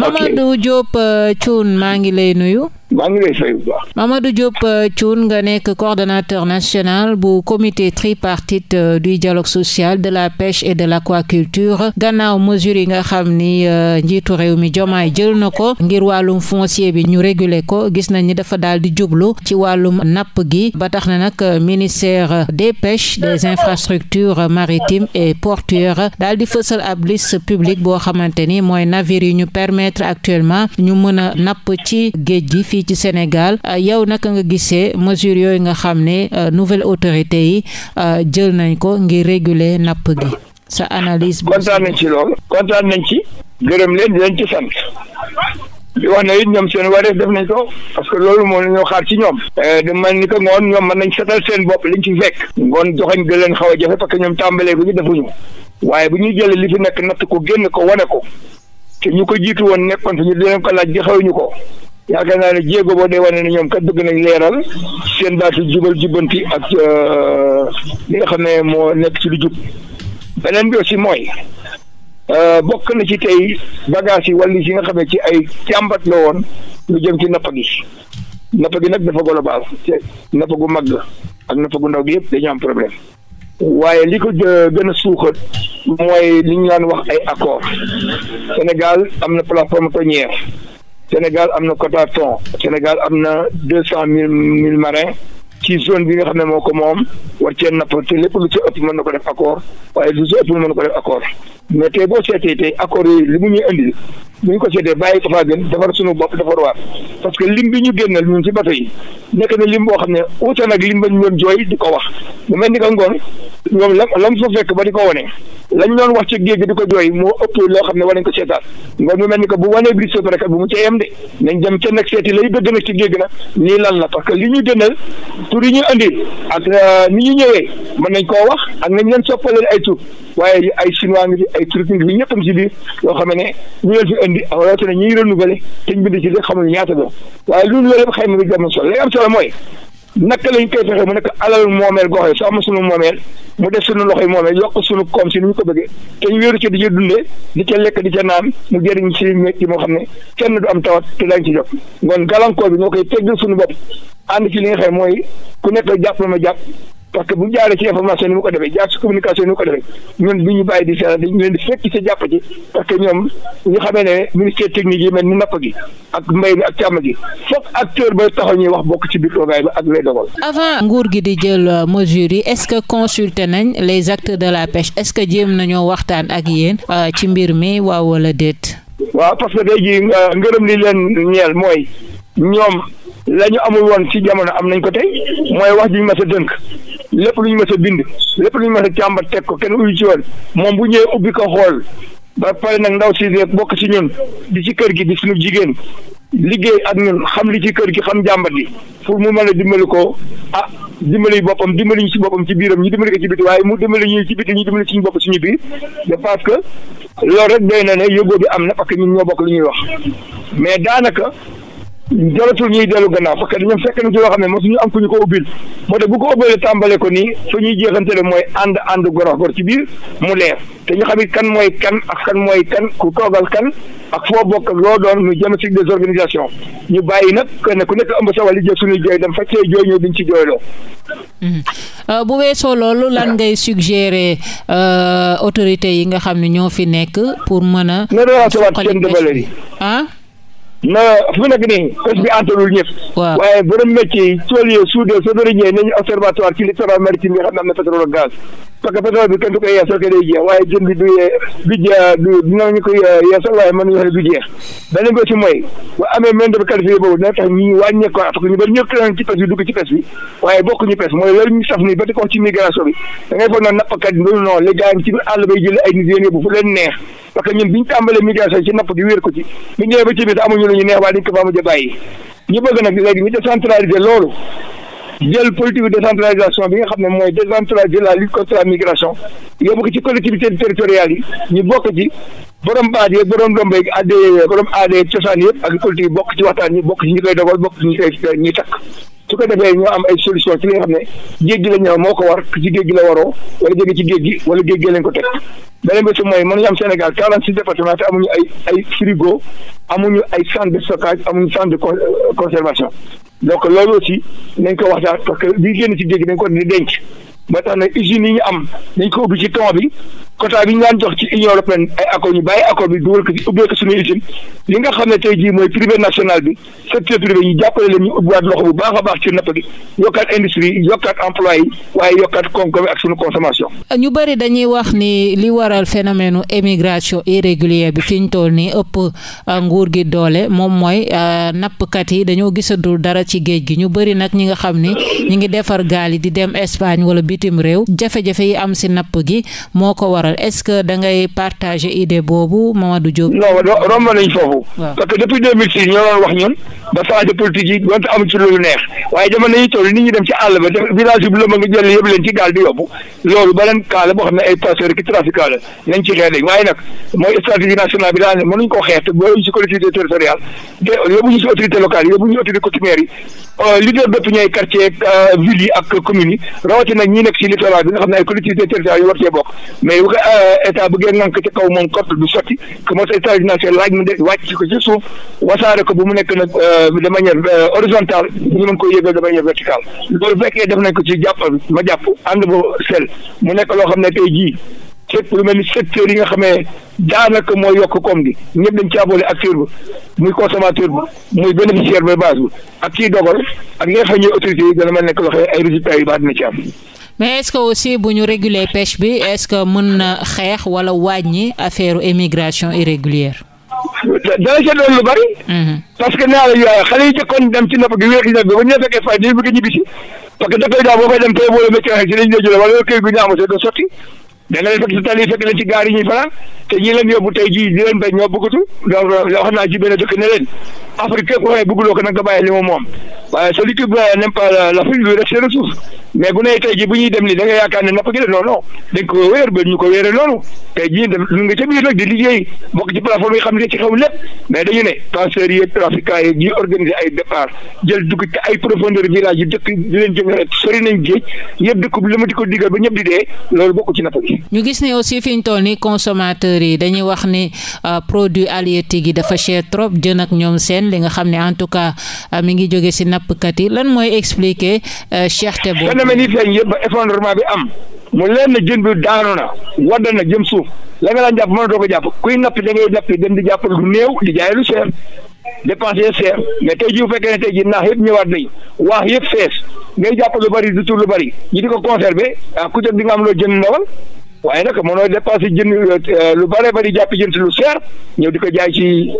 Mamadou Diop euh, Thioune maa ngi lay nuyu maa Mamadou Diop euh, Thioune nga nekk coordonnateur national bu comité tripartite euh, du dialogue social de la pêche et de l'aquaculture gannaaw mesure yi nga xam ni euh, njiitu réew mi Diomaye jël na ko ngir wàllum foncier bi ñu réguler ko gis nañ ni dafa daal di jublu ci wàllum napp gi ba tax na nag ministère des pêches des infrastructures maritimes et portuaires daal di fësal ab liste publique boo xamante ni mooy navire yi ñu permettre actuellement ñu mën a napp ci géej gi fii fii ci Sénégal euh, yow naka nga gisee mesure yooyu nga xam ne euh, nouvelle autorité yi euh, jël nañ ko ngir réguler napp gi sa analyse. kontaan nañ ci lool kontaan nañ ci. gërëm leen di leen ci sant. di wax na it ñoom seen wareef def nañ ko parce que loolu moom la ñoo xaar ci ñoom du mel ni que ngoon ñoom mën nañ setal seen bopp liñ ci fekk ngoon joxañ gë leen xaw a parce que ñoom tàmbalee ko ñu defuñu waaye bu ñuy jëlee li fi nekk natt ko génn ko wane ko te ñu ko jiitu woon nekkoon laaj di xawuñu ko yaakaar naa ne jéego boo dee wane ne ñoom kat bëgg nañ leeral seen baatu jubal jubbanti ak euh, li nga xam ne moo nekk ci lu jub beneen bi aussi mooy euh, bokk na ci tey bagage yi wàllu yi nga xam ne ci ay càmbat la woon lu jëm ci napp gi napp gi nag dafa global te napp gu mag ak napp gu ndaw gi yëpp dañu am problème waaye li ko euh, gën a suuxat mooy li ñu daan wax ay accord Sénégal am na plateforme tonnière Sénégal am na quota thon Sénégal am na deux cent mille mille marins ci zone bi nga xam ne moo ko moom war cee napp te lépp lu ci ëpp mën na ko def accord waaye lu ci ëpp mën na ko def accord mais tey boo seetee tey accords yooyu li mu ñuy indi bu ñu ko seetee bàyyi ko faa gën defar suñu bopp defar waar parce que lim bi ñu génnal ñun ci bato yi nekk na lim boo xam ne uute di ko wax ni ko ngoon ñoom lam lam fa fekk ko wane lañ doon wax ci géej di ko jooy moo ëpp loo xam ne war nañ ko seetaan ngoon mu mel ni ko bu wanee bi sot rek bu mu ci yem de nañ dem ca seeti lay dëgg nag ci géej gi nag lii lan parce que li ñu génnal tur yi ñu indi ak euh, ni ñu ñëwee mën nañ koo wax ak nañ leen soppaleen ay tur waaye ay chinois ngi fi ay structure bi ñëpp ci biir yoo xam ne ñu leen fi indi awalate ne ñuy renouveler te ñu bind ci def xamuñu ñaata doon waaye loolu loolu yëpp xëy na du am solo li am solo mooy naka lañ koy fexe mu nekk alal moomeel gox yi soo suñu moomeel mu def suñu loxo yi moomeel yokk suñu koom si ni ñu ko bëggee te ñu wéeru ci di ca dundee di ca lekk di ca naan mu jëriñ si métti moo xam ne kenn du am tawat te dañ ci jot kon gàllankoor bi ñoo koy teggal suñu bopp ànd ci li nga xam mooy ku nekk jàpp parce que bu jaaree ci information ni mu ko defee jaar ci communication ni mu ko defee ñun du ñu bàyyi di seetaan dañu leen di fekk ci jàpp ci parce que ñoom ñu xamee ne ministère technique mel ni napp gi ak mbay mi ak càmm gi foog acteur ba taxaw ñuy wax bokk ci biir toogaay ba ak lay dogal. avant nguur gi di jël euh, mesures yi est-ce que consulté nañ les acteurs de la pêche est que jéem nañoo waxtaan ak yéen euh, ci mbir mi waaw wala déet. waaw parce que day ji euh, ngërëm li la ñu amul woon ci jamono am nañ ko tey mooy wax ñu ma sa dënk lépp lu ñu ma sa bind lépp lu ñu ma sa càmbar teg ko kenn uyu ci woon moom bu ñëwee ubbi ko xool ba pare nag ndaw si bokk ci ñun di ci kër gi di suñu jigéen liggéey ak ñun xam li ci kër gi xam jàmbat gi pour mu mën a dimbali ko ah dimbali boppam dimbali ñu si boppam ci biiram ñu dimbali ko ci biti waaye mu dimbali ñu ci biti ñu dimbali suñu bopp suñu biir de parce loolu rek doy na ne yóbboo am na parce que ñun bokk lu ñuy wax mais daanaka jaratul ñuy dellu gannaaw parce que ñoom fekk na ci loo xam ne mosu ñu am fu ñu ko ubbil moo tax bu ko ubbilee tàmbale ko nii fu ñuy jeexantale mooy ànd ànd goro gor ci biir mu leer te ñu xam it kan mooy kan ak kan mooy kan ku toogal kan ak foo bokk ak loo doon ñu jëm ci des ñu bàyyi nag kenn ku nekk ëmb sa wàll jël suñuy jooy dem fekkee jooy ñëw duñ ci jooyloo. Hmm. Euh, bu weesoo loolu lan ngay suggérer euh, autorités yi nga xam ni ñoo fi nekk pour mën a. suqali mbéy mi na fi mu nekk nii pêche bi antalul ñëpp. waaw waaye borom métier yi tool yi soudeur sonorier nañu observatoire ci littoral maritime yi nga xam ne am na pétrole ak gaz. parce que pétrole bi kenn du ko yeesal te day jeex waaye jën bi du yee du du du jeex beneen bi aussi mooy bu amee main d'œuvre qualifiée boobu dina tax ñi wàññeeku parce que ñu bari ñëpp nañ ci pes waaye bokkuñu pes mooy ñu saf nii ba di ko wax ci migration bi da ngay na nappkat bi non les gars ci biir àll bay jële ay nit yéen neex parce di ko fa mujj a bàyyi ñu bëgg nag léegi ñu décentraliser loolu jël politique de décentralisation bi nga xam ne mooy décentraliser la lutte contre la migration yóbbu ko ci collectivité territoriales yi ñu bokk ci borom baat yeeg borom dombe yeeg aade borom aade yeeg cosaan yëpp ak politique yi bokk ci waxtaan yi bokk ci ñu koy bokk ci ñu koy ñuy takk su ko am ay solution ci li xam ne géej gi la moo ko war ci géej gi la waroo wala jóge ci géej gi wala géej gi lañ ko teg beneen bi si mooy mën ñu am Sénégal quarante six département te amuñu ay ay frigo amuñu ay centre de stockage amuñu centre de conservation donc loolu aussi nañ ko waxtaan parce que liy génn ci géej gi dañ ko ni denc ba tax na usines yi ñu am nañ ko ubbi ci temps bi quota bi ñu daan jox ci union européenne ay accord ñu bàyyi bi dugal ko ci ubbee usine li nga xam ne tey jii mooy privé national bi secteur privé ñu jàppale leen ñu ubbiwaat loxo bu baax a baax ci napp gi yokkaat industrie yi yokkaat waaye yokkaat koom-koom ak suñu consommation. ñu bëri dañuy wax ni li waral phénomène émigration irrégulière bi fi ñu toll nii ëpp euh, nguur gi doole moom mooy euh, nappkat yi dañoo gisatul dara ci géej gi ñu bëri nag ñi nga xam ni ñu ngi defar gaal yi di dem Espagne wala bitim réew jafe yi am si napp gi moo ko waral waral est-ce que da ngay partager idée boobu Mamadou Diop. non romb nañ foofu. parce que depuis 2006 ñoo doon wax ñun ba changé politique yi doonte am ci lu neex waaye jamono yi toll nit ñi dem ci àll ba def ne ay passeurs ki trafiquant la nañ ci ci collectivité territoriale te yóbbuñu ci autorité locale yóbbuñu ci autorité coutumière yi euh, leader d'opinion yi quartier euh, ville ak commune yi rawatina ñi nekk ci littoral bi nga xam ne ay collectivité territoriale yu war Euh, état bëggee nank ci kaw moom kott du sotti que mos état financier laaj mu de wàcc ko ci suuf wasaare ko bu mu nekk nag euh, de manière euh, horizontale ñu mën koy yëgal de manière verticale loolu fekkee def nañ ko ci jàpp ma jàpp ànd bu sel mu nekk loo xam ne tey jii lépp lu mel ni secteur yi nga xamee daanaka mooy yokk koom gi ñëpp dañ caa boole acteur ba muy consommateur ba muy bénéficiaire ba base ba ak kii dogal ak ñi nga xam ne autorité yi dana mën nekk loo xam ne ay résultats yu ci am mais est aussi bu ñu réguler pêche bi est que mën na xeex wala wàññi affaire émigration irrégulière. dana ca doon lu bari. Mhm. parce que naa la ñu euh, xale yi jëkkoon dem ci napp gi wéer gi nag bi ba ñu fekkee fay dañu bëgg ñibbisi parce que dëkk yi boo fay dem tey boo la météo si dañu lay jëlee wala kër gi ñu amatoo doo sotti. da nga leen fekk si tali fekk leen ci gaar yi ñuy fanaan te ñi leen yóbbu tey jii leen bañ ñoo bëggatu donc euh, wax ci ko nag nga bàyyi li mu moom dem nii da nga yaakaar ne napp gi ko wéer ba ñu ko wéere noonu tey jii def ñu nga ca dëkk di leen jëngale sori bi ko digal ñëpp di dee bokk ci napp ñu gis ni aussi fi ñu toll ni consommateurs yi dañuy wax ni euh, produit halieutique yi dafa cher trop jën ak ñoom seen li nga xam ne en tout cas euh, mi ngi jóge si nappkat yi lan mooy expliquer euh, cherté boo phénomène yi feeñ yëpp ba effondrement bi am mu leen jën bi daanu na wadd na jëm suuf la nga daan jàpp mënatoo ko jàpp kuy nappi dangay ngay nappi dem di jàpp lu néew di jaay lu cher. dépenser cher mais tey jii bu fekkee ne tey jii naax yëpp ñëwaat nañ waax yëpp fees jàpp lu bari du tur lu bari ñi ko conserver ah nga am loo jënd ndawal waaye nag mënoo dépassé jën euh, lu bare bari jàpp jën si lu seer ñëw di ko jaay ci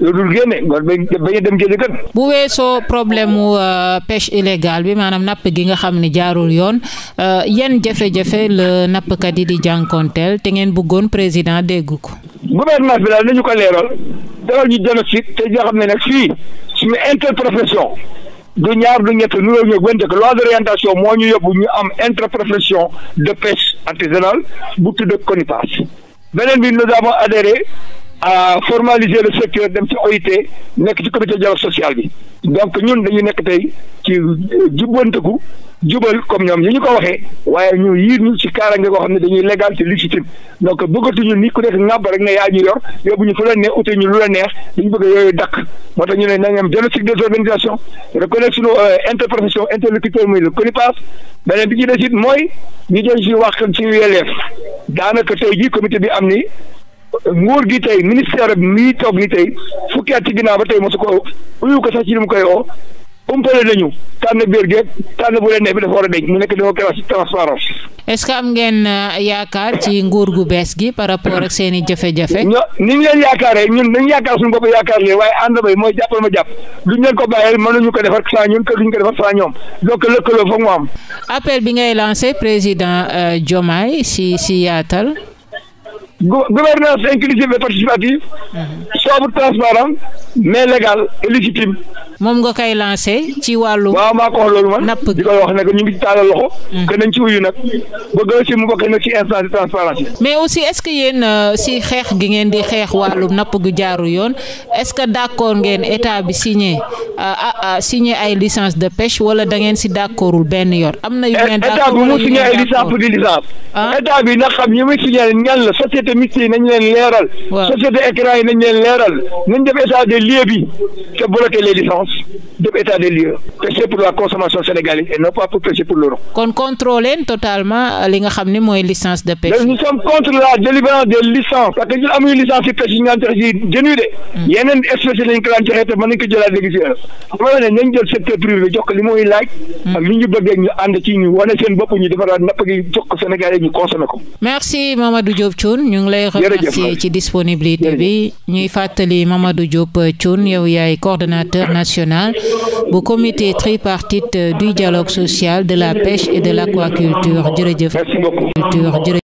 lu dul génne ba bañ a dem génne gën. bu weesoo problème mu euh, pêche illégale bi maanaam napp gi nga xam ne jaarul yoon euh, yan jafe-jafe la nappkat yi di jànkonteel te ngeen bëggoon président dégg ko. gouvernement bi daal nañu ko leeral dalal ñu génocide te ñoo xam ne nag fii suñu interprofession. du ñaar du ñett nu ñu gën a loi d'orientation moo ñu yóbbu ñu am interprofession de pêche artisanale bu tudd CONIPAS beneen bi nous avons adhéré à formaliser le secteur dem ci OIT nekk ci comité dialogue social bi donc ñun dañu nekk tey ci jubbanteku jubal comme ñoom ni ñu ko waxee waaye ñu yiir ñu ci kaaraange goo xam ne dañuy légal te légitime donc bëggatuñu ni ku nekk ŋàbb rek ne yaa ñu yor yóbbu ñu fu la neex ute ñu lu la neex li ñu bëgg yooyu dakk moo tax ñu ne nañ am diagnostic des organisations reconnaître suñu euh, interprofession interlocuteur muy le CONIPAS beneen bi ci des it mooy ñu jël ci wax ci yelleef daanaka tey jii comité bi am ni nguur gi tey ministère bi toog ni tey fukki at ci ginnaaw ba tey mosu ko uyu ko sax ci li mu koy oo umpale nañu tànn biir tànn bu leen neex bi dafa war a deñ mu nekk dafa koy transparence est-ce que am ngeen euh, yaakaar ci nguur gu bees gi par rapport ak seen i jafe-jafe ño ni ñu leen yaakaaree ñun nañu yaakaar suñu bopp yaakaar leen waaye ànd bay mooy jàppal ma jàpp duñ leen ko bàyyee mënuñu ko defar sans ñun que duñ ko defar sans ñoom donc lëkkaloo foog mu am appel bi ngay lancé président euh, Diomaye si si yaatal gouvernance inclusive et participative mhm. sobre transparent mais moom nga koy lancé ci wàllu. waaw maa ko wax loolu man napp di ko wax nag ñu ngi ci taalal loxo. que mm. nañ ci wuyu nag ba gën ci mu bokk nag ci instance transparence yi. mais aussi est ce que yéen euh, si xeex gi ngeen di xeex wàllu napp gu jaaru yoon est ce que d' accord ngeen état bi signé euh, ah, ah, signé ay licence de pêche wala da ngeen si d' accordul benn yoon. am na yu ngeen d' accord état bi mu signé ay licence pour di licence. Ah? état bi nag xam ñi muy signé ñan la société mixte yi nañ leen leeral. société écran yi nañ leen leeral nañ def état de lieu bi te bloqué les licences. def état des lieux pêcher pour la consommation sénégalaise et non pas pour pêcher pour l'euro kon contrôler totalement euh, li nga xam ne mooy licence de pêche. nous sommes contre la délivrance des licences parce que ñun amuñu licence yi pêche yi ñu naan jox si jën wi de. Hmm. yeneen espèces lañ ko daan joxee te mën nañ ko jëlaat léegi si heure nañ jël jox ko li muy laaj. Hmm. ak li ñu bëggee ñu ànd ci ñu wane seen bopp ñu defaraat napp gi jox ko Sénégalais ñu consommé nationale bu comité tripartite du dialogue social de la pêche et de l'aquaculture jërëjëf culture